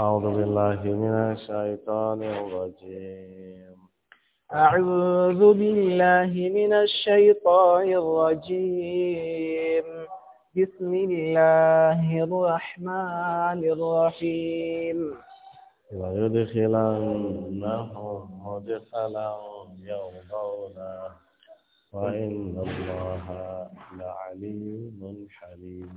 أعوذ بالله من الشيطان الرجيم أعوذ بالله من الشيطان الرجيم بسم الله الرحمن الرحيم ويدخلنهم مدخلا يرضون وإن الله لعليم حليم.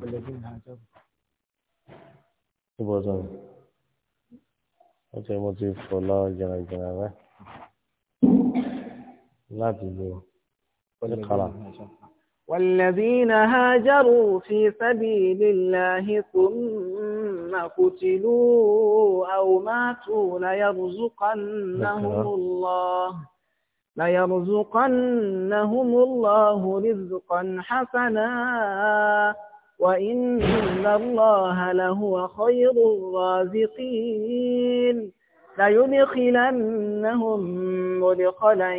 ọjọ́ mo ti fò lọ jìnnàjìnnà rẹ láti lo oníkàlà. والذين هاجروا في سبيل الله ثم قتلوا أو ماتوا ليرزقنهم الله ليرزقنهم الله رزقا حسنا وإن الله لهو خير الرازقين ليدخلنهم مدخلا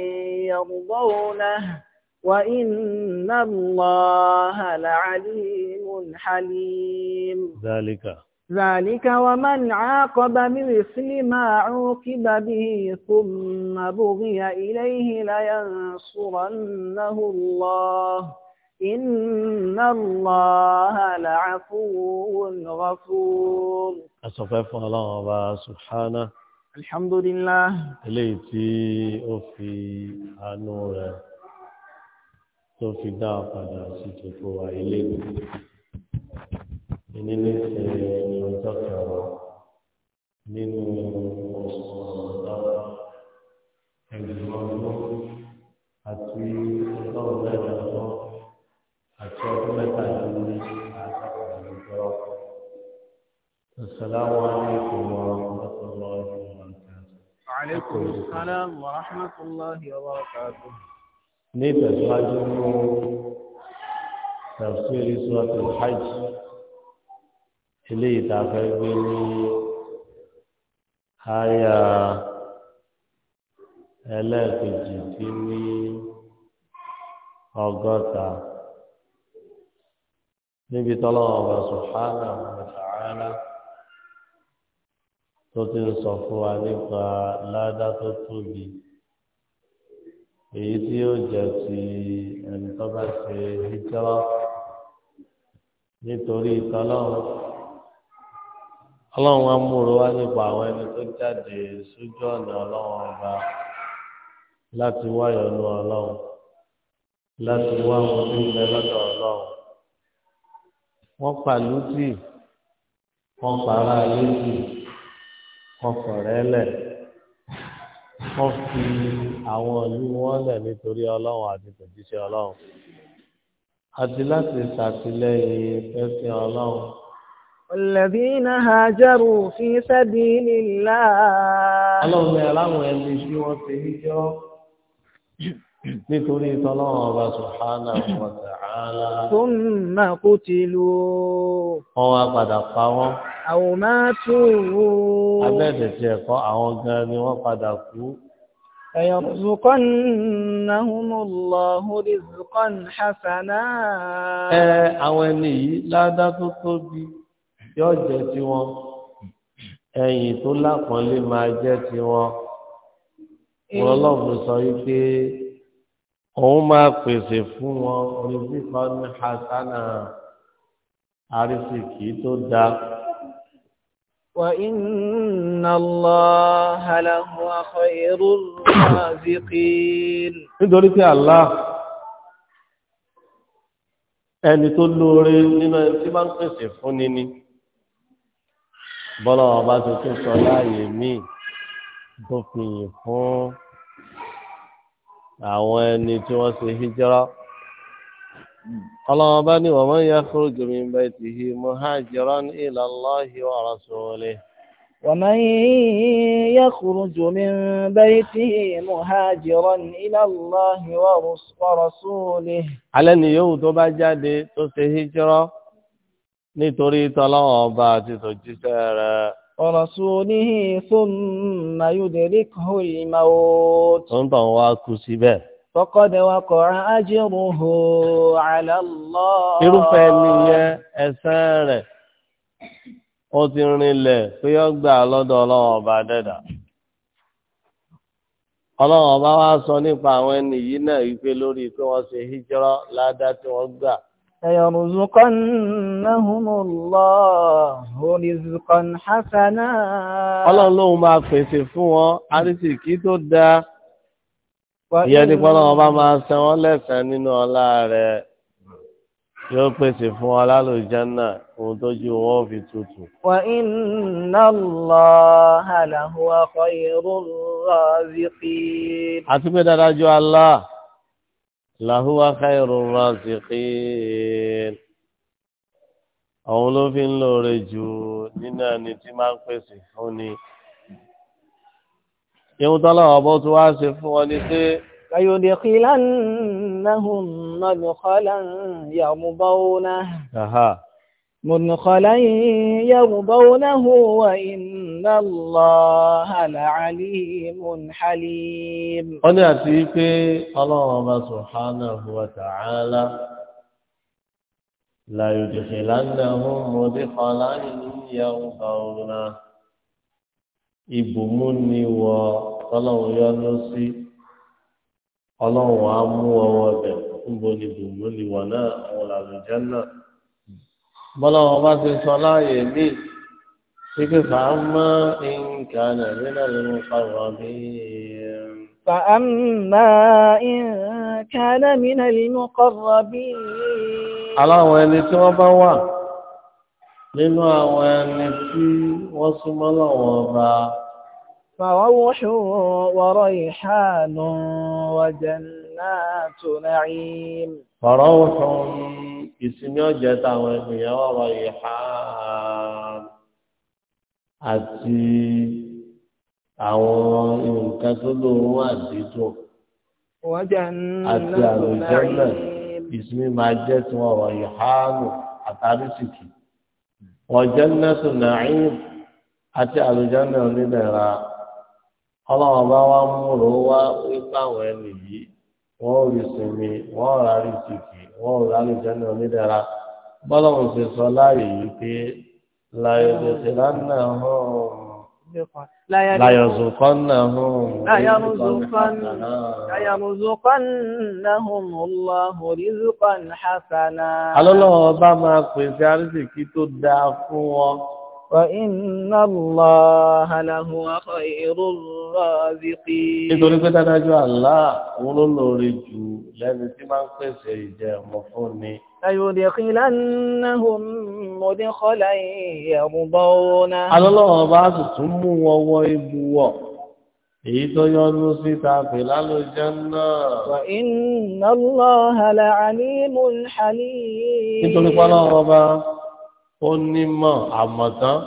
يرضونه وإن الله لعليم حليم ذلك ذلك ومن عاقب بمثل ما عوقب به ثم بغي إليه لينصرنه الله Inna Allaha la'afuwun ghafur. Àṣọ̀fẹ́ fún ọlọ́run ọba Ṣùhánà. Alhamdulillah. Eléyìí tí ó fi àánú rẹ̀ tó fi dá padà sí tòkó wa ilé Ìní ní ṣe ọjọ́ kẹwàá nínú oṣù ọ̀dọ́wọ́ ẹgbẹ̀rún ọdún àti ọlọ́run mẹ́rin ọdún àti ọdún mẹ́tàlélógún àtàkùnjọ. Assalamu alaikum wa rahmatullahi wa barakatuh. Wa alaikum assalam wa rahmatullahi wa barakatuh. Ní ìtẹ̀síwájú mú tafsir suratul hajj ilé ìtafẹ́ gbé ní àyà ẹlẹ́ẹ̀kejì dín ní ọgọ́ta níbi tọ́lọ́wọ́ bá sùhánà mọ̀tàánà tó ti ń sọ fún wa nípa ládá tó tóbi èyí tí yóò jẹ́ ti ẹni tó bá ṣe hijira nítorí tọ́lọ́wọ́ ọlọ́run wa múro wá nípa àwọn ẹni tó jáde sójú ọ̀nà ọlọ́run ọba láti wáyọ̀ ọlọ́run láti wá wọn nílẹ̀ lọ́dọ̀ ọlọ́run wọ́n pàlú tì wọ́n pàrọ̀ ayé tì wọ́n fọ̀rẹ́ lẹ̀ wọ́n fi àwọn ìlú wọn lẹ̀ nítorí ọlọ́run àti tòjíṣẹ́ ọlọ́run àti láti ṣàtìlẹ́yìn fẹ́sẹ̀ ọlọ́run. الذين هاجروا في سبيل الله Súnmà kú ti lú. Wọ́n wá padà pa wọ́n. Àwọn máa tún wú. Abẹ́ẹ̀dẹ̀ ti ẹ̀kọ́ àwọn gan ni wọ́n padà kú. فيرزقنهم الله رزقا حسنا àwọn ẹni yìí ládá tó tóbi yóò jẹ́ ti wọn tó lápọ́nlé máa jẹ́ ti wọn sọ wípé òun máa pèsè fún wọn onífífà ní hasana arísìkì tó dá. wà inna Allaha lahuwa khairur raziqin. nítorí pé Allah ẹni tó lóore nínú ẹni tí máa ń pèsè fún ni ni bọ́lá ọba tuntun sọ láàyè míì dópin fún àwọn ẹni tí wọ́n ṣe hijira hmm. ọlọ́wọ́n bá ní wa man yakhruju min baytihi muhajiran ila Allahi wa rasulihi. wa man yakhruju min baytihi muhajiran ila Allahi wa rasulihi. alẹ́ ni yóò tó bá jáde tó ṣe hijira nítorí tọ́lọ́wọ́n ọba àti tòjíṣẹ́ rẹ̀. ورسوله ثم يدركه الموت فقد وقع أجره على الله irúfẹ́ nìyẹn ẹ̀san rẹ̀ ó ti rinlẹ̀ pé ó gbà lọ́dọ̀ ọlọ́run ọba dẹ́dà ọlọ́run ọba wa sọ nípa àwọn ẹni yìí سيرزقنهم الله رزقا حسنا الله lóun máa pèsè fún wọn àrísìkí tó dáa ìyẹn ní pọ́nà wọn bá máa san wọ́n lẹ́sàn-án nínú ọlá rẹ̀ yóò pèsè fún wọn lálùjánnà ohun tó ju fi tutù. wa inna Allaha lahuwa khayrul raziqin. àti pé dáadáa ju Allah làhùwà káyọ̀rọ̀ rásìkín àwọn ló fi ń lóore jù nínú ẹni tí máa ń pèsè fún ni ìhun tọ́lọ́wọ́ bó tún wá ṣe fún wọn ni pé kayodekilannahum madkhalan yamubawna. مدخلا يرضونه وإن الله لعليم حليم قد أتيك الله سبحانه وتعالى لا يدخلنهم مدخلا يرضونه ibùmúni wọ ọlọ́run yọ́nú sí ọlọ́run á mú ọwọ́ bẹ̀ níbo ibùmúni wọ náà àwọn làlùjẹ́ náà bọ́lọ́wọ́ bá ti sọ láàyè mí wípé fàámà nǹkan àmìnà ló ń farọ̀ mí. fàámà nǹkan àmìnà ló ń farọ̀ mí. aláwọ̀ ẹni tí wọ́n bá wà nínú àwọn ẹni tí wọ́n súnmọ́ lọ́wọ́ ọba. فروح وريحان وجنات نعيم فروح ìsinmi ọjà táwọn ènìyàn ọ̀rọ̀ ìhà àti àwọn nǹkan tó lóun wà dídùn àti àlùjẹ́lẹ̀ ìsinmi máa jẹ́ tí wọ́n ọ̀rọ̀ ìhánù àtàrísìkì wọ́n jẹ́ nẹ́sù nàáyìn àti àlùjẹ́lẹ̀ onídẹ̀ra ọlọ́run bá wá múrò wá wípé àwọn yìí wọ́n rà lùjẹ́ náà nídẹ̀ra bọ́lọ́run ṣe sọ láàyè yìí pé láyọ̀dẹ̀sẹ̀ lánàá hàn láyọ̀zùkọ́nàhùn láyọ̀zùkọ́nàhùn Allahu rizqan hasana. alọ́lọ́wọ́ bá máa pèsè àrísìkí tó dáa fún wọn. وَإِنَّ اللَّهَ لهو خير الرازقين nítorí pé dájú Allah òun ló lóore jù lẹ́ni tí máa ń pèsè ìjẹ ọmọ fún ni. ليدخلنهم مدخلا يرضونه. alọ́lọ́wọ́ bá sì tún mú wọn wọ ibùwọ̀ èyí tó yọnu síta pèlá ló náà. wà inna Allaha la'alimun halim. nítorí pé ọlọ́wọ́ ó nímọ̀ àmọ̀tán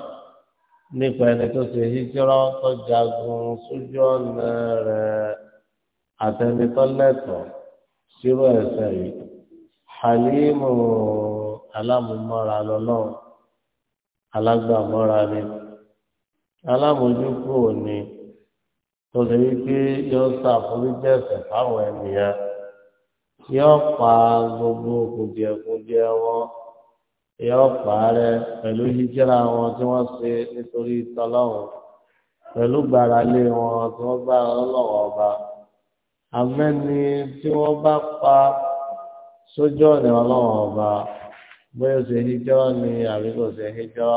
nípa ẹni tó ṣe hijira tó jagun sójú ọ̀nà rẹ̀ àtẹni tó lẹ́tọ̀ọ́ sírò ẹ̀sẹ̀ yìí halimu alámúmọ́ra lọ́lọ́run alágbàmọ́ra ni alámójúkú ni tó lè rí pé yóò ṣàforíjẹ̀sẹ̀ fáwọn ènìyàn yóò pa gbogbo kùdìẹ̀kùdìẹ̀ wọn yóò parẹ́ pẹ̀lú jíjẹ́ra wọn tí wọ́n ṣe nítorí tọ́lọ́run pẹ̀lú gbáralé wọn tí wọ́n gbára lọ́wọ́ ọba amẹ́ni tí wọ́n bá pa sójú ọ̀nà ọlọ́wọ́ ọba bóyá ṣe híjọ́ ni àbí kò ṣe híjọ́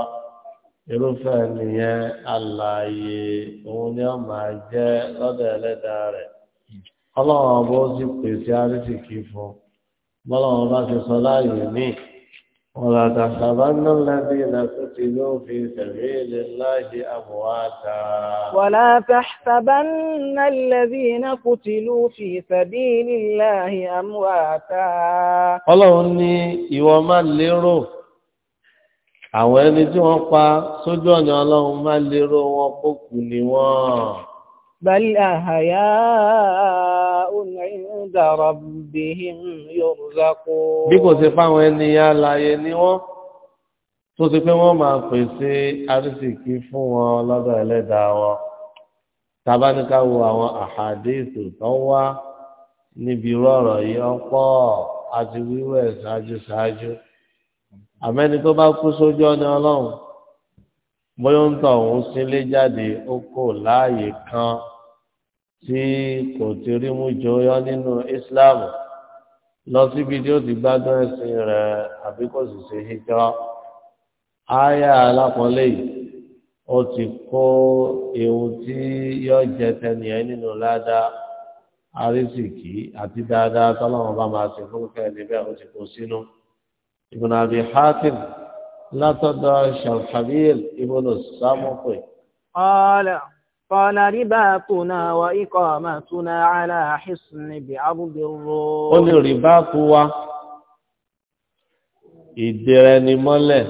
irúfẹ́ nìyẹn àlàyé òun ni ó máa jẹ́ lọ́dọ̀ ẹlẹ́dàá rẹ̀ ọlọ́wọ́ ọba ó sì pèsè àrísìkí fún bọ́lọ́wọ́ bá ti sọ láàyè míì. ولا تحسبن الذين قتلوا في سبيل الله أمواتا ولا تحسبن الذين قتلوا في سبيل الله أمواتا Ọlọ́run ní ìwọ máa lérò àwọn ẹni tí wọ́n pa sójú ọ̀nà بل أحياء عند ربهم يرزقون bí kò ṣe fáwọn ènìyàn láyé ni wọ́n tó ti pé wọ́n máa pèsè àrísìkí fún wọn lọ́dọ̀ ẹlẹ́dàá wọn tàbáníká wo àwọn àhàdéètò tó wá níbi rọ̀rọ̀ yìí ọ̀pọ̀ àti wíwẹ̀ ṣáájú ṣáájú àmẹ́ni tó bá kú sójú ọ̀nà ọlọ́run bóyá ń tọ̀ òun sílé jáde ó kò láàyè kan tí kò ti rí mú jọyọ nínú Islam lọ síbi tí ó ti gbádùn ẹ̀sìn rẹ̀ àbí kò sì ṣe hijra aya alákọọlẹ yìí ó ti kó ewu tí yóò jẹ tẹnìyàn nínú ládàá arísìkí àti dáadáa tọ́lọ́wọ́n bá máa ṣe fún kẹ́ níbẹ̀ ó ti kó sínú Ibn Abi Hatim látọ̀dọ̀ Shalhabil ibn Samukh. قال رباطنا وإقامتنا على حصن بعرض الروم قل رباطوا ìdẹ̀rẹ̀ni mọ́lẹ̀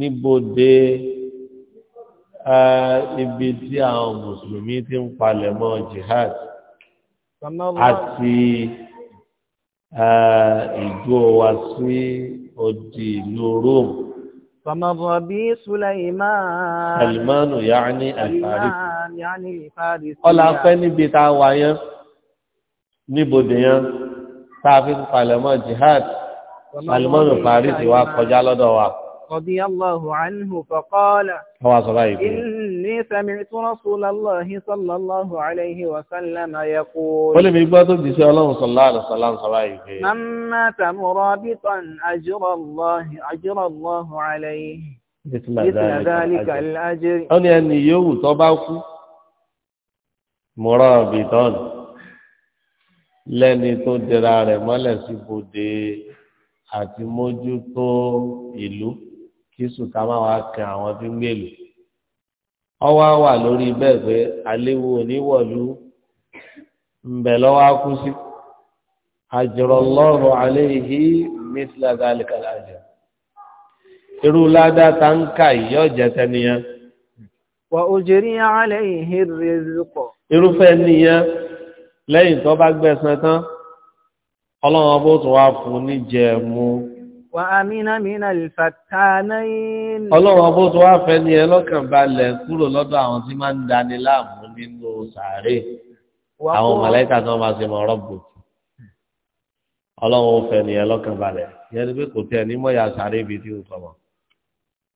níbodè ibi tí àwọn mùsùlùmí ti ń palẹ̀mọ́ jihad àti ìjó wa sí odi ìlú Rome. Fọmọ̀bọ̀ bí Sulaimán. Salimanu yaani Alfarisi ọlá pẹ́ níbi tá a wà yẹn níbodè yẹn tá a fi ń palẹ̀mọ́ jihad palẹ̀mọ́nù Paris wa kọjá lọ́dọ̀ wa. رضي الله عنه فقال إني سمعت رسول الله صلى الله عليه وسلم يقول من مات مرابطا أجر الله أجر الله عليه مثل ذلك الأجر أني أني يوم طبعكم Mụrụ bìtọ́n lẹ́ni tó dẹra rẹ̀ mọ́lẹ̀ sí bodè àti mójútó ìlú kí sùkà má wàá àwọn tí ń gbèlú ọwọ́ wà lórí bẹ́ẹ̀ pé àléwu oníwọ̀lú ń lọ́wọ́ kú sí àjọrọ̀lọ́rọ̀ àléhì mísílẹ̀ irú wà ó rẹ̀ irúfẹ́ nìyẹn lẹ́yìn tó bá gbẹ̀sán tán ọlọ́run bó tún wá fún ní jẹ̀mú. wà á mìíràn mìíràn ìfàtà náà yìí. ọlọ́run bó tún wá fẹ́ ní ẹ lọ́kàn balẹ̀ kúrò lọ́dọ̀ àwọn tí máa ń dani láàmú nínú sàárè àwọn mọ̀lẹ́kà tí wọ́n máa ṣe mọ̀ rọ́bù ọlọ́run fẹ́ ní ẹ balẹ̀ yẹn ni pé kò tẹ̀ ní mọ̀ yà sàárè bíi tí ó tọ̀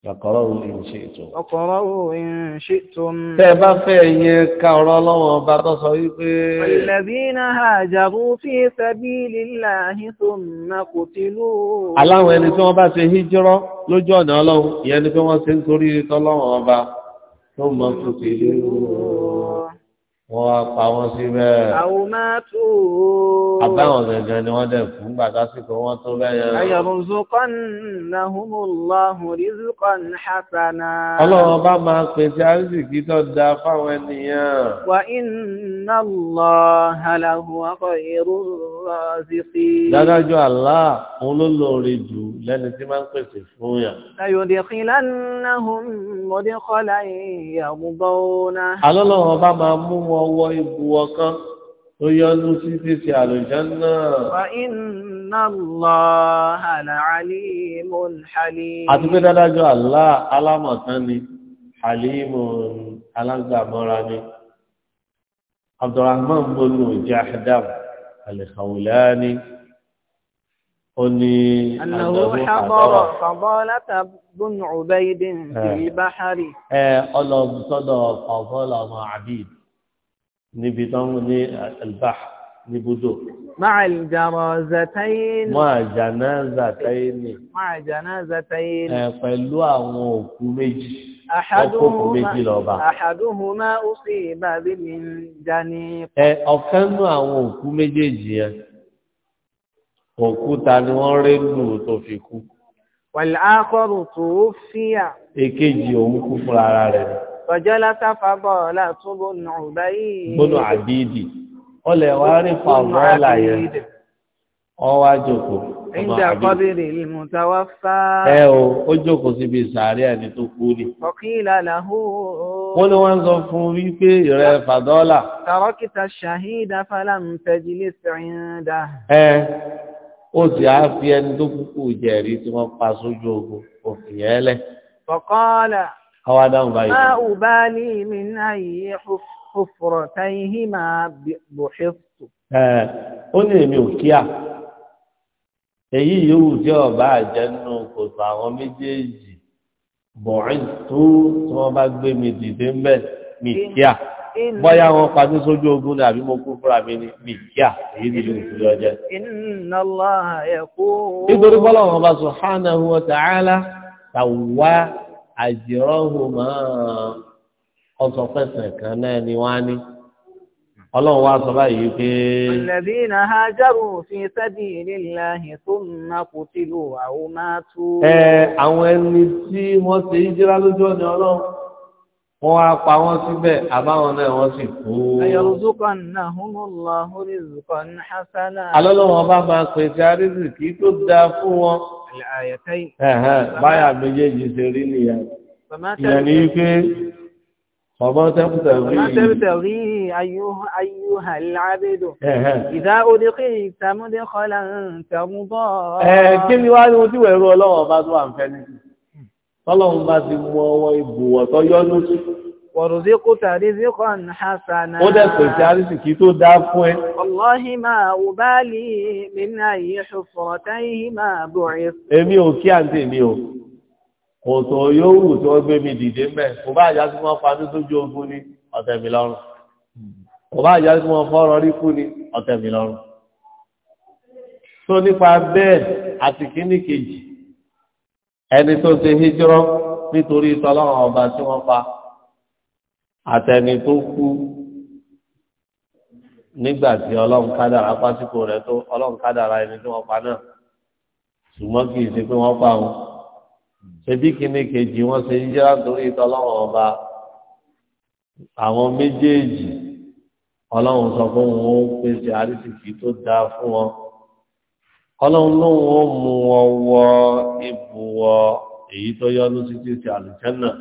Fàkọ̀rọ̀wò ìṣètò. Ọkọ̀rọ̀wò ìṣètò. Tẹ́ bá fẹ́ yẹ ká ọ̀rọ̀ ọlọ́wọ́ ọba tó sọ wípé. Alladhina hajaru fi sabilillahi thumma qutilu. Aláwọn ẹni tí wọ́n bá ṣe híjọ́rọ́ lójú ọ̀nà ọlọ́run, ìyẹn ni pé wọ́n ṣe ń torí tọ́lọ́wọ́ ọba thumma qutilu wọ́n wá pa wọ́n síbẹ̀. àwọn máa tó o. àbáwọn gẹ́gẹ́ ni wọ́n dẹ̀ fún gbàgbá síkò wọ́n tó bẹ́yẹn. ayọ̀rùnzùkọ́nàhùnmùláhù rìzùkọ́n hasana. ọlọ́run bá máa pèsè àrísìkí tó da fáwọn ènìyàn. wà iná lọ halahu akọ irú rọ́ọ̀sìkì. dájú àlá òun ló lóore jù lẹ́ni tí máa ń pèsè fún yà. ayọ̀dẹ̀kìlánàhùn mọ̀dẹ́kọ́lá ìyàwó bọ́ ọwọ́ ibùwọ̀ kan tó yọnu sí títí àlùjánnà. Wa inna Allaha la'alimun halim. Àti pé dádájọ́ Allah alámọ̀tán ni, halimun alágbàmọ́ra ni. Abdurrahman bonu Jahdam al-Khawlani oni annahu hadara fadalata bun ubaydin fil bahri eh olo eh, sodo fadala ma abid níbi tó ń ní àlbà níbùdó. Máa ìjàmọ̀ zàtáyéni. Máa jàná zàtáyéni. Máa jàná zàtáyéni. Ẹ pẹ̀lú àwọn òkú méjì. Ọkọ̀ òkú méjì lọ́ba. Àhàdúhùmá ó sì bàbí mi jani. Ẹ ọ̀kan tó fi kú. Wàlá akọ́rù tó fíyà. Èkejì òun kú fúnra rẹ̀ Fọ̀jọ́lá sáfà bọ̀ látúbò nà ọ̀bá yìí. Gbọ́dọ̀ àbídì. Ó lè wá rí fàbọ̀ láyé. Ó wá jókòó. Ìjà kọ́bìrì ìlmù táwa fá. Ẹ o, ó jókòó síbi sàárẹ̀ ẹni tó kú ni. Ọ̀kìlá làhú. Wọ́n ní wọ́n ń sọ fún wípé ìrẹ́ fàdọ́là. Tàrọ́kìtà ṣàhídà fàlàmù tẹ̀jìlì sìrìndà. Ẹ ó sì á fi ẹni tó kúkú jẹ̀rí tí wọ́n pa sójú ogun òfin yẹn lẹ̀. Fọ̀kọ́lá. Àwa dáhùn báyìí. Má ò bá ní mi náà yìí ọ̀fọ̀rọ̀ táyé hí máa bò ṣẹ́fù. Ó ní èmi ò kíá. Èyí yòówù tí ọba àjẹnú kòtò àwọn méjèèjì bọ̀rín tó tí wọ́n bá gbé mi dìde ń bẹ̀ mi kíá. Bọ́yá wọn pàdé sójú ogun ní àbí mo kú fúnra mi ní mi kíá èyí nílò ìtúrí ọjẹ́. Nítorí bọ́lá wọn bá subhanahu wa ta'ala àjẹrọ́hùn máa ọsọ fẹsẹ̀ kan náà ni wọ́n á ní. Ọlọ́run wá sọ báyìí pé. Alladhina na fi sabilillahi thumma àwọn aw matu. Ẹ àwọn ẹni tí wọ́n ṣe ìjírá lójú ọ̀nà Ọlọ́run wọ́n wá pa wọ́n síbẹ̀ àbáwọn náà wọ́n sì kú. الآيتين báyà méjèèjì ṣe rí nìyẹn ìyẹn ni wípé فما تبتغي أيها العبد إذا أدخلت مدخلا ترضاه kí ni wá ní ojú ẹ̀rọ ọlọ́wọ́ bá tó wà ń fẹ́ ní ọlọ́run bá ti وارزقت رزقا حسنا ودك تعرفك تو دافوه والله ما أبالي من أي حفرتيهما بعث èmi ò kí àǹtí mi ò kò tó yóò wù tí wọ́n gbé mi dìde mẹ́ kò bá àjá tí wọ́n fa ní sójú ogun ní ọ̀tẹ̀ mi lọ́rùn kò bá àjá tí wọ́n fọ́rọ̀ rí kú ní ọ̀tẹ̀ mi lọ́rùn tó nípa bẹ́ẹ̀ àti kíní ẹni tó ṣe hijrọ́ nítorí tọ́lọ́run ọba tí wọ́n pa àtẹni tó kú nígbà tí ọlọ́run kádàrá pásítọ̀ rẹ̀ tó ọlọ́run kádàrá ẹni tí wọ́n pa náà ṣùgbọ́n kì í ṣe pé wọ́n pa wọn ṣebí kíní kejì wọ́n ṣe yíyá torí ìtọ́lọ́run ọba àwọn méjèèjì ọlọ́run sọ fún wọn ó pèsè àrísìkì tó dáa fún wọn ọlọ́run lóun ó mú wọn wọ ibùwọ̀ èyí tó yọ lóṣìṣẹ́ àlùjẹ́ náà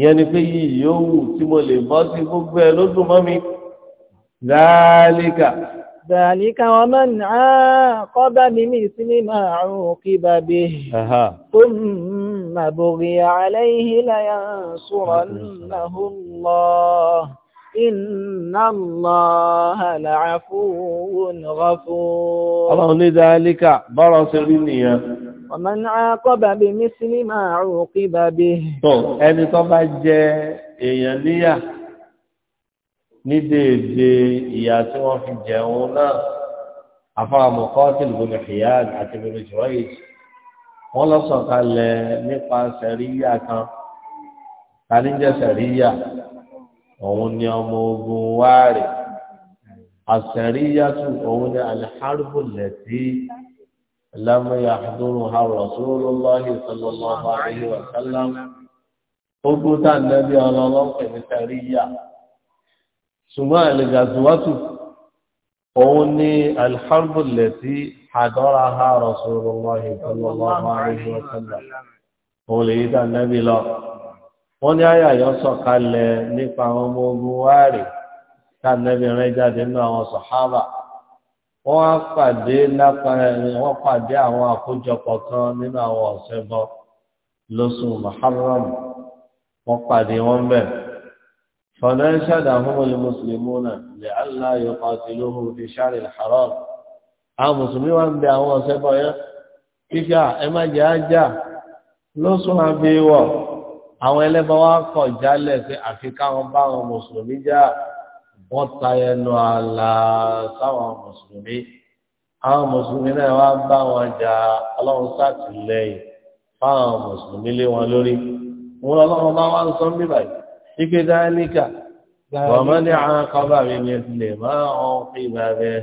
ìyẹn ni pé yìí yóò wù tí mo lè bọ́ sí gbogbo ẹ̀ ló dùn mọ́ mi dáálíkà. ذلك ومن عاقب بمثل ما عوقب به ثم بغي عليه لينصرنه الله إن الله لعفو غفور الله ذلك برس النية ومن عاقب بمثل ما عوقب به tó ẹni tó bá jẹ èèyàn níyà ní déédé ìyà tí wọ́n fi jẹun náà afáàmù kọ́tìlì bùnú hiyad àti bùnú jùwáyìí wọ́n lọ sọ̀kalẹ̀ nípa sẹ̀ríyà kan taníjẹ́ sẹ̀ríyà òun ni ọmọ ogun wáàrẹ̀ àsẹ̀ríyà tún òun ni alhárùbù لم يحضرها رسول الله صلى الله عليه وسلم gbogbo tá nẹ́bí ọlọ́lọ́pẹ̀ ní sẹ́ríyà ṣùgbọ́n àlẹ́gàzúwátù òun ni alḥarbu lẹ́tí àdọ́ra ha Rasulullah sallallahu alaihi wa sallam òun lè yí tá nẹ́bí lọ wọ́n ní àyàyọ́ sọ̀kalẹ̀ nípa àwọn ọmọ ogun wáàrí tá nẹ́bí rẹ̀ jáde nínú àwọn sàhábà wọ́n á pàdé lápẹẹrẹ wọ́n pàdé àwọn àkójọpọ̀ kan nínú àwọn ọ̀sẹ̀ bọ́ lóṣù muharram wọ́n pàdé wọn bẹ̀. àwọn mùsùlùmí bẹ àwọn ọ̀sẹ̀ bọ̀ yẹn kíkà ẹ má jẹ́ ajá lóṣù bí wọ̀ àwọn ẹlẹ́bọn wọn kọ̀ jálẹ̀ sí àfi bá wọ́n ta ẹnu ààlà sáwọn mùsùlùmí àwọn mùsùlùmí náà wá bá wọn jà ọlọ́run sàtìlẹ́yìn fáwọn mùsùlùmí lé wọn lórí wọn lọ́wọ́ bá wá ń sọ bí báyìí ipe dáníkà wọ́n mọ́ ní àwọn kọ́bà mi ní ilẹ̀ máa ń fi ìgbà bẹ́ẹ̀.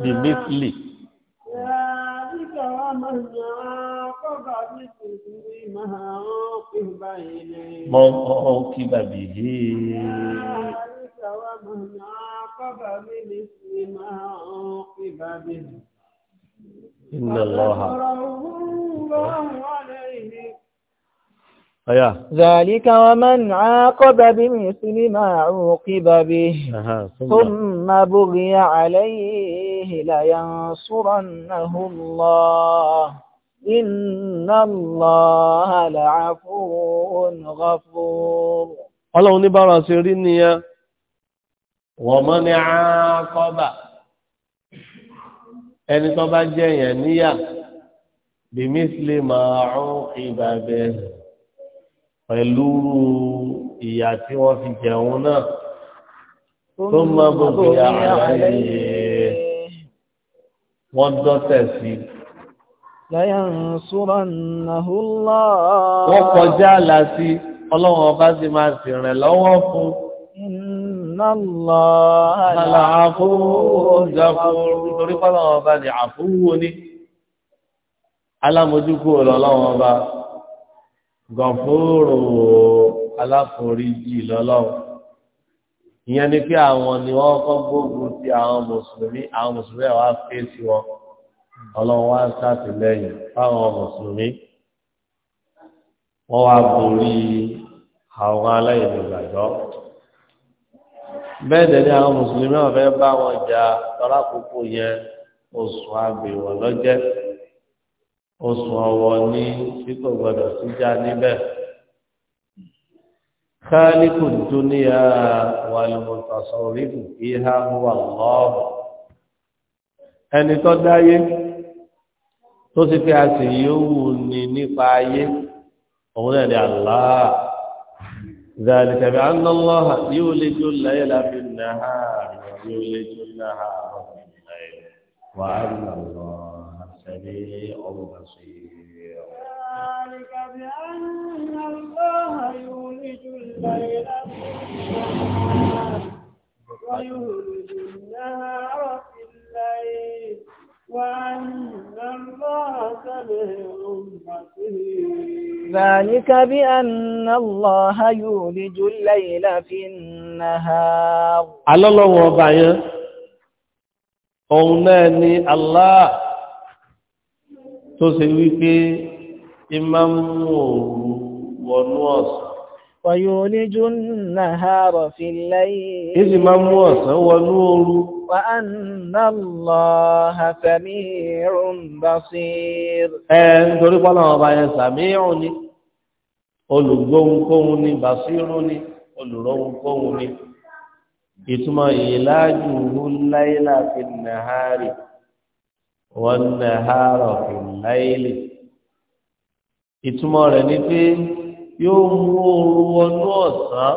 Bìbítìlì. Dáníkà wà máa ń lọ. موقب به ومن عاقب بمثل ما عاقب به إن الله أيه. ذلك ومن عاقب بمثل ما عوقب به أه. ثم, ثم بغي عليه لينصرنه الله inna Allaha la'afuwun ghafur. ọlọ́run ní bára ṣe rí nìyẹn wọ́n mọ́ ní àákọ́bà ẹni tó bá jẹ́ yẹn níyà bímísìlì màrún ìbàbẹ̀ pẹ̀lú ìyà tí wọ́n fi jẹun náà tó máa gbogbo ìyá àlàyé wọ́n dọ́tẹ̀ sí i. لينصرنه الله وقجا لسي ọlọ́run ọba sì máa sì rìn lọ́wọ́ fún Inna Allah ọba ni ní alámojúkú ọlọ́wọ́ ọba gọ̀fóró aláforíjì lọ́lọ́wọ́ ìyẹn ni pé àwọn ni wọ́n kọ́ àwọn mùsùlùmí àwọn mùsùlùmí ọlọ́run wá sàtìlẹ́yìn fáwọn mùsùlùmí wọ́n wá borí àwọn aláìlúgbàjọ́ bẹ́ẹ̀ dẹ̀ ní àwọn mùsùlùmí ọ̀fẹ́ bá wọn jà tọ́lá kókó yẹn oṣù àgbèwọ̀ lọ́jẹ́ oṣù ọ̀wọ̀ ní tí kò gbọdọ̀ síjà níbẹ̀ khaliqu dunya wal mutasarrifu fiha huwa Allah ẹni tó dáyé tó sì fi àṣì yòówù ní nípa ayé òun náà ni Allah ذلك بأن الله يولج الليل في النهار ويولج النهار في الليل وأن الله سميع بصير ذلك بأن الله يولج الليل في النهار ويولج ذلك بأن الله يولج الليل في النهار alọ́lọ́wọ́ ọba yẹn òun náà ni Allah tó ṣe wípé imam wọnú ọ̀sán ويولج النهار في الليل إذ مموس ونور وأن الله سميع بصير ẹn torí pọ́nà ọba yẹn sàmíhùn ni olùgbóhunkóhun ni bàṣírù ni olùrọ̀hunkóhun ni ìtumọ̀ ìlàjú láìlà rẹ̀ ni pé yóò mú ooru wọnú ọ̀sán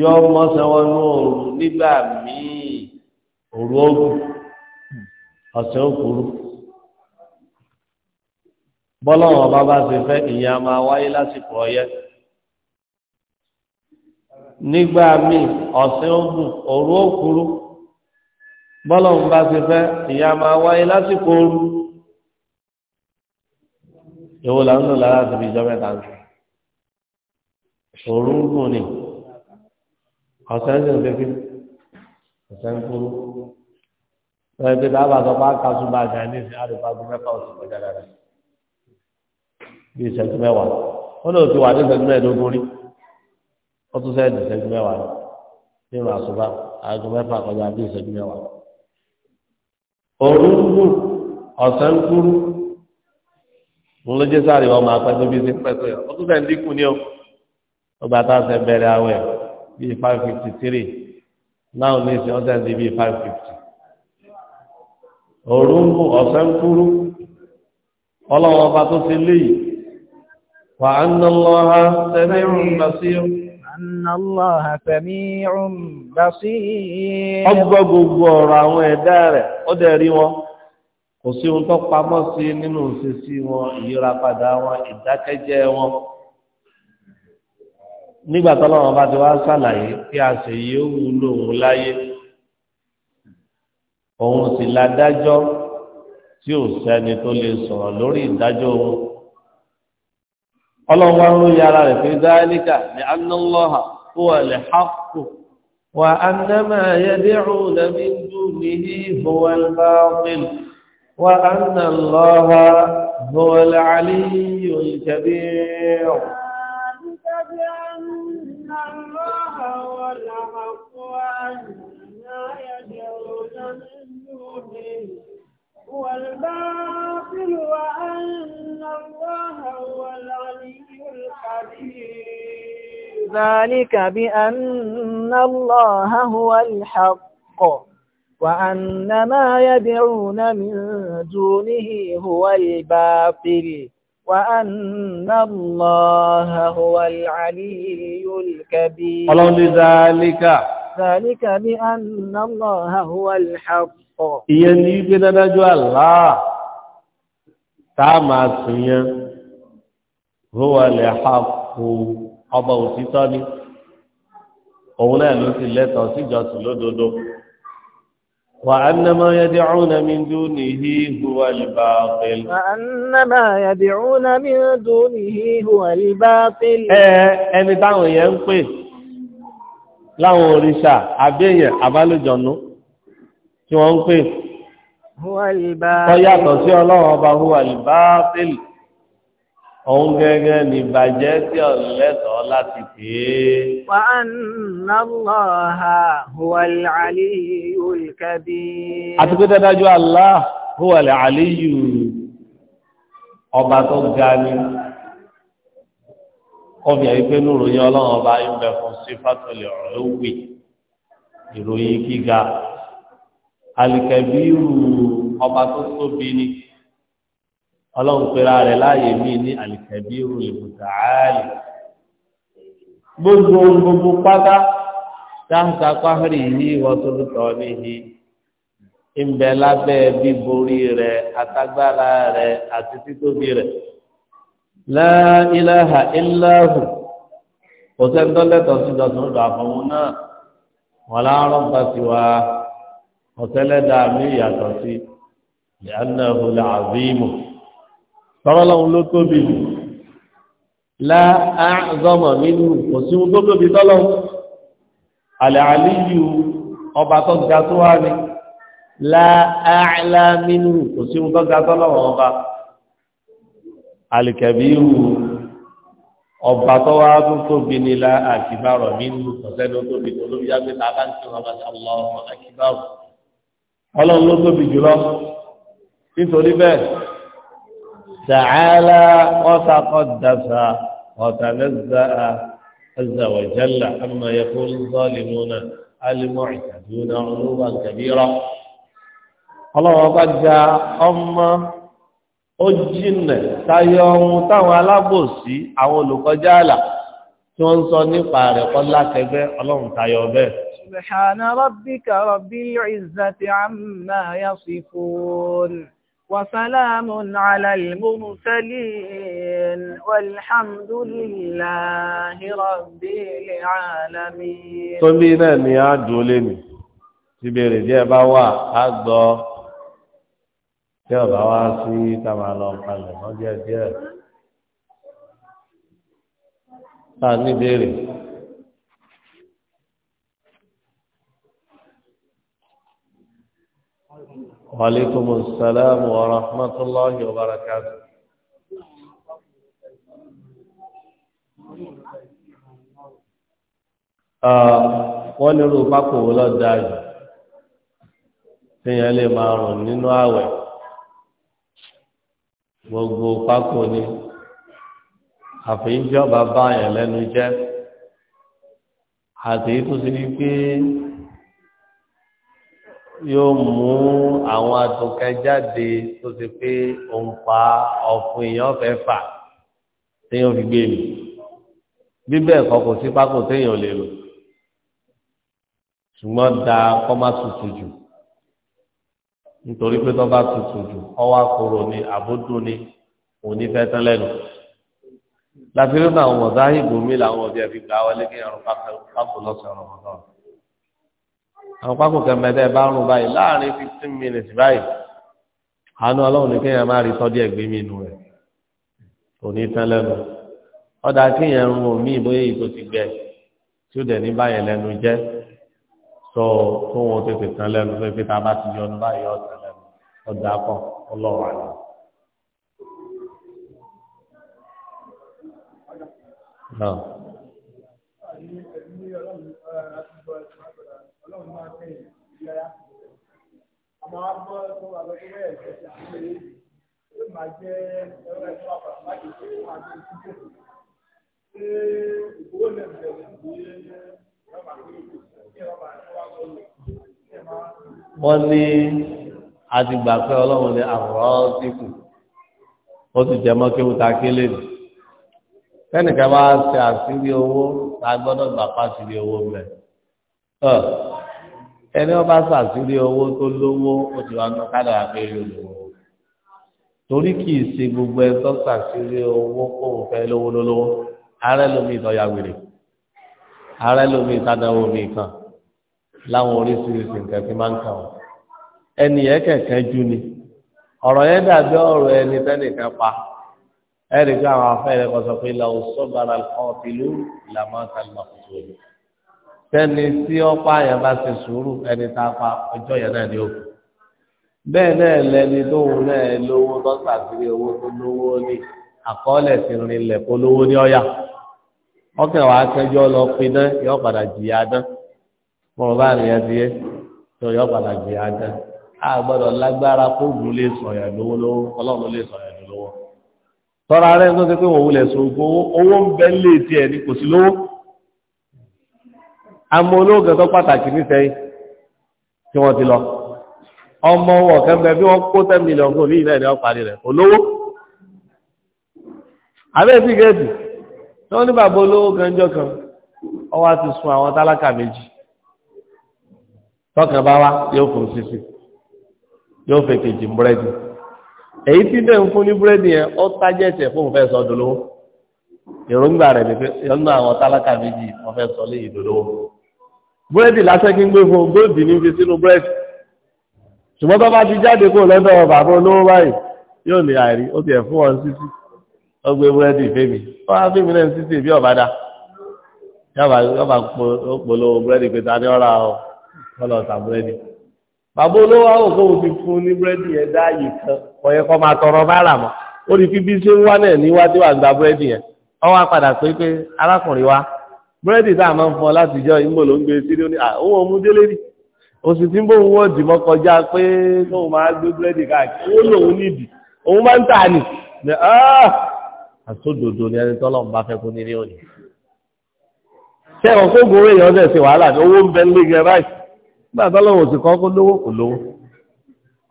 yóò mọ́sẹ̀ wọnú ooru nígbà míì òru ogun ọ̀sẹ̀ òkúrú bọ́lọ́wọ́n bá bá ṣe fẹ́ ìyẹn a máa wáyé lásìkò ọyẹ́ nígbà míì ọ̀sẹ̀ ogun òru òkúrú bọ́lọ́wọ́n bá ṣe fẹ́ ìyẹn a máa wáyé lásìkò ooru ìwọ là ń lò lára àtúbí ìjọba ẹ̀ta ń sùn òórùn gùn ni ọ̀sẹ̀ ń sìn fífi ọ̀sẹ̀ ń kúrú lọ́yẹ̀ pé dábàá sọ pé àkàtún bá àjà ní ìsìn àdùpá gún mẹ́fà ọ̀sẹ̀ kọjá dára bí ìṣẹ́jú mẹ́wàá ó lè ti wà ní ìṣẹ́jú mẹ́ẹ̀ẹ́dógún rí ó tún sẹ́yìn ìṣẹ́jú mẹ́wàá ní ìrìn àṣùbá aago mẹ́fà kọjá bí ìṣẹ́jú mẹ́wàá òórùn gùn ọ̀sẹ̀ kúrú. òun ló jẹ́ sáré wọn máa pẹ́ tó bí ṣe ń pẹ́ tó yọ dínkù o ọgbà tá a ṣe bẹ̀rẹ̀ five fifty three náà ní ìsìn five fifty òru ń ọ̀sẹ̀ ń kúrú ọlọ́wọ́n ọba tó léyìí wà á ná sí o. Anàlọ́ha sẹ́mi rùn bá sí. Ọgbọ́ gbogbo ọ̀rọ̀ àwọn ẹ̀dá rẹ̀ ó dẹ̀ rí wọn. kò sí ohun tó pamọ́ sí nínú ìṣesí wọn ìyíra padà wọn ìdákẹ́jẹ́ wọn nígbà tọ́lọ́wọ́n bá ti wá ṣàlàyé kí a sì yí ó wúlò òun láyé òun sì ládájọ́ tí ò sẹ́ni tó lè sọ̀rọ̀ lórí ìdájọ́ òun ọlọ́run wá ń lóye ara rẹ̀ pé dáálíkà ní anáwọ́hà kó wà lè hákò wà á nẹ́mà yẹ́dẹ́rù lẹ́mí dùn ní ìfowópamọ́ وأن الله هو العلي الكبير بأن الله هو الحق يدعون من دونه هو وأن الله هو العلي الكبير ذلك بأن الله هو الحق وأن ما يدعون من دونه هو الباطل وأن الله هو العلي الكبير قالوا لذلك ذلك بأن الله هو الحق يعني بنجو الله تعمى سنيا هو الحق أبو تيتاني òun náà ló ti lẹ́tọ̀ọ́ síjọsìn وأن ما يدعون من دونه هو الباطل وأن ما يدعون من دونه هو الباطل ẹni táwọn èèyàn ń pè láwọn òrìṣà àbẹ́yẹn àbálòjọ̀nú tí wọ́n ń pè tó yàtọ̀ sí ọlọ́run ọba huwa al-batil òun gẹ́gẹ́ ni bàjẹ́ tí ọ̀lẹ́tọ̀ láti pè é. Wa anna Allaha huwal aliyyul kabir. Àti pé dájú Allah huwal aliyyu ọba tó ga ni. Ọbẹ̀ ìpé lóòrò yẹ ọlọ́run ọba ìbẹ̀ fún sífàtọ̀lẹ̀ ọ̀rọ̀ wì. Ìròyìn gíga. Alìkẹ̀bí ọba tó tóbi ni ọlọ́run pera rẹ̀ láàyè mí ní alìkẹ̀bírù ìbùtàálì gbogbo gbogbo pátá dáńkà pàhìrì yìí wọ́tòlùtọ̀ níhi ìbẹ̀ lábẹ́ bíborí rẹ̀ àtagbára rẹ̀ àti títóbi rẹ̀ la ilaha illa hu kò sẹ́ńtọ́ lẹ́tọ̀ọ́ sí ìjọsìn ọ̀dọ̀ àfọwọ́ náà wọn láàárọ̀ bá ti wá ọ̀sẹ́lẹ́dàá mi yàtọ̀ sí ìyá náà hùlẹ̀ àbímù tọ́lọ́lọ́run ló tóbi la àzọmọ̀ nínú kò sí ohun tó tóbi tọ́lọ́run àlẹ́ àlíyù ọba tó ga tó wá ní la àlá nínú kò sí ohun tó ga tọ́lọ́run ọba alìkẹ̀bíru ọba tó wá tó tóbi ní la nínú kò tóbi tó lóbi yá pé bá ń kí wọn bá ṣe ọlọ́run àkìbárọ̀ ọlọ́run ló tóbi jùlọ nítorí bẹ́ẹ̀. تعالى وتقدس وتنزأ عز وجل عما يقول الظالمون المعتدون عروبا كبيرا الله قد أما ojínà tayọ ohun táwọn alábòsí àwọn olùkọjá àlà tí wọ́n ń sọ nípa rẹ̀ kọ́ lákẹgbẹ́ ọlọ́run tayọ bẹ́ẹ̀. subhana rabbika rabbil izzati amma yasifun. وسلام على المرسلين والحمد لله رب العالمين tóbi náà ni a dùn léni tí béèrè díẹ̀ bá wà á gbọ́ tí ọba wá sí táwọn lọ palẹ̀ mọ́ díẹ̀ díẹ̀ ta ní béèrè. وعليكم السلام ورحمة الله وبركاته wọ́n nírú pákó wo lọ da jù téèyàn lè máa rùn nínú ààwẹ̀ gbogbo pákó ni àfihàn jọba báyàn lẹ́nu jẹ́ àti tó sì ní pé yóò mú àwọn àtòkẹ́ jáde tó ti pé òun pa ọ̀fun èèyàn fẹ́ fà téèyàn fi gbé mi bí bẹ́ẹ̀ kọ́ kò sí pákó téèyàn lè lò ṣùgbọ́n da kọ́ má tutù jù nítorí pé tó bá tutù jù kọ́ wá kóró ni àbódún ni òun ní fẹ́ tán lẹ́nu láti rí àwọn mọ̀sáhìbù mi làwọn ọ̀bí ẹ̀ fi gbà wọlé kí ẹ̀rọ pákó lọ́sọ̀rọ̀ mọ̀sáhìbù àwọn pákó kẹmẹtẹ bá ń rún báyìí láàrin fifteen minutes báyìí àánú ọlọ́run ní kéèyàn máa rí tọ́jú ẹ̀gbẹ́ mi nù rẹ̀ kò ní tán lẹ́nu ọ̀dà kéèyàn rún omi ìbóyè yìí tó ti gbẹ tí ó dẹ̀ ní báyẹn lẹ́nu jẹ́ sọ tó wọn tètè tán lẹ́nu pé pété bá ti yọnu báyìí ọ̀tàn lẹ́nu ọ̀dà kan ọlọ́run àná. náà. rárá àmọ́ àgbọ̀ tó wà lọ́dún wẹ̀ ẹ̀jẹ̀ ti fi lè yóò máa jẹ́ ẹ̀rọ ẹ̀fọ́ àpàtà láti ṣe fún àti wọ́n ní àtìgbà ọlọ́run ní àwòrán síkù ó sì jẹ mọ́ kéwù kélé nì tẹ́nìkan bá ṣe àṣírí owó ta gbọ́dọ̀ gbà pàṣírí owó mẹ́ ẹni wọn bá sàtúndé owó tó lówó ó ti wá nù kádà abẹ́rẹ́ olówó torí kì í ṣe gbogbo ẹ tó sàtúndé owó kó o fẹ́ lówó lólówó ààrẹ lómi ìtọ́ya wèrè ààrẹ lómi ìtàdáwó mi kan láwọn oríṣiríṣi nǹkan fi máa ń kàn wọn ẹni yẹn kẹ̀kẹ́ jú ni ọ̀rọ̀ yẹn dàbí ọ̀rọ̀ ẹni tẹ́nìkan pa ẹ̀rí pé àwọn afẹ́rẹ́ kan pé làwọn sọ́gbàrà kọ́ọ̀tì ló làmọ́ àtàlùmọ̀ kòtò tẹ́ni tí ọ̀pá yẹn bá ṣe sùúrù ẹni tá a pa ọjọ́ yẹn náà ni ó. bẹ́ẹ̀ náà lẹni tó wù náà lówó lọ́sàkiri owó tó lówó ní àkọọ́lẹ̀ ti rinlẹ̀ kó lówó ní ọ̀yà ọkàn wa kẹjọ lọ pinná yọ padà jìyà dán mo bá rìn ẹ ti yé tó yọ padà jìyà dán a gbọ́dọ̀ lágbára kó ògùn lè sọyà lówó lówó Ọlọ́run lè sọyà lówó tọ́ra rẹ̀ ń tó pé òun lè so owó ń bẹ́ lé tiẹ̀ ní kò lówó àmọ́ olóògùn tó pàtàkì nísẹ́yìn tí wọ́n ti lọ ọmọ wọn kẹ́mẹ́ bí wọ́n kó ten million kò ní ilẹ̀ ní ọparí rẹ̀ olówó abẹ́ sí gẹ̀ẹ́sì tí wọ́n ní bàbá olówó kan jọ kan ọwọ́ ti sun àwọn tálákà méjì tọkàn bá wá yóò fún sísì yóò fẹ́ kejì búrẹ́dì èyí tí dẹ̀ ń fún ní búrẹ́dì yẹn ó tájẹ̀tẹ̀ fún òfẹ́ sọ dolówó èròǹgbà rẹ̀ ni pé àwọn tálákà méjì wọ́n fẹ́ sọ léyìí búrẹ́dì lásán kí ń gbé fún góòdì ní fi sínú búrẹ́dì ṣùgbọ́n tó bá ti jáde kó lọ́dọ̀ bàbá olówó báyìí yóò ní àìrí ó ti ẹ̀ fún wọn títí ó gbé búrẹ́dì fèmí wọ́n á fèmí náà títí bí ọ̀bádá yọba polówó búrẹ́dì pé ta ní ọ̀rá ọ kọlọ̀ ta búrẹ́dì bàbá olówó àwọn òkú ti fún ní búrẹ́dì yẹn dá yìí kan ọ̀yẹ́ kọ́ máa tọrọ bára mọ́ ó rí fi bí ṣe ń wá náà níwájú àgbà búrẹ́dì yẹn wọ́n wá padà pé pé arákùnrin wa búrẹ́dì tá a máa ń fọ láti jọ ìmọ̀ ló ń gbé sí ní àwọn ọmú délé rí òsì tí ń bóun wọ́n dì mọ́ kọjá pé tóun máa gbé búrẹ́dì káàkiri ó lòun nídìí òun máa ń tà ní ah! àtòdòdò ni ẹni tọ́lọ́run bá fẹ́ kó ní ní òní ṣé ẹ̀wọ̀n kó gòrò èèyàn dẹ̀ sí wàhálà ní owó ń bẹ nílé gẹ báyìí nígbà tọ́lọ́run ò sì kọ́ kó lówó kò lówó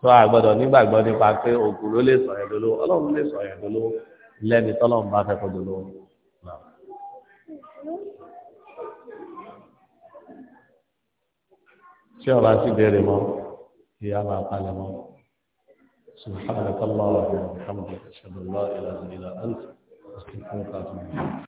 tó àgbọ̀dọ̀ nígbàgbọ́ nípa pé òkú ló lè sọ̀yẹ̀ dolówó ọlọ́run lè sọ̀yẹ̀ dolówó lẹ́ni tọ́lọ́run bá fẹ́ kó dolówó tí ọba sì béèrè mọ́ ìyá máa palẹ̀ mọ́ سبحانك اللهم وبحمدك اشهد ان لا اله الا انت استغفرك واتوب اليك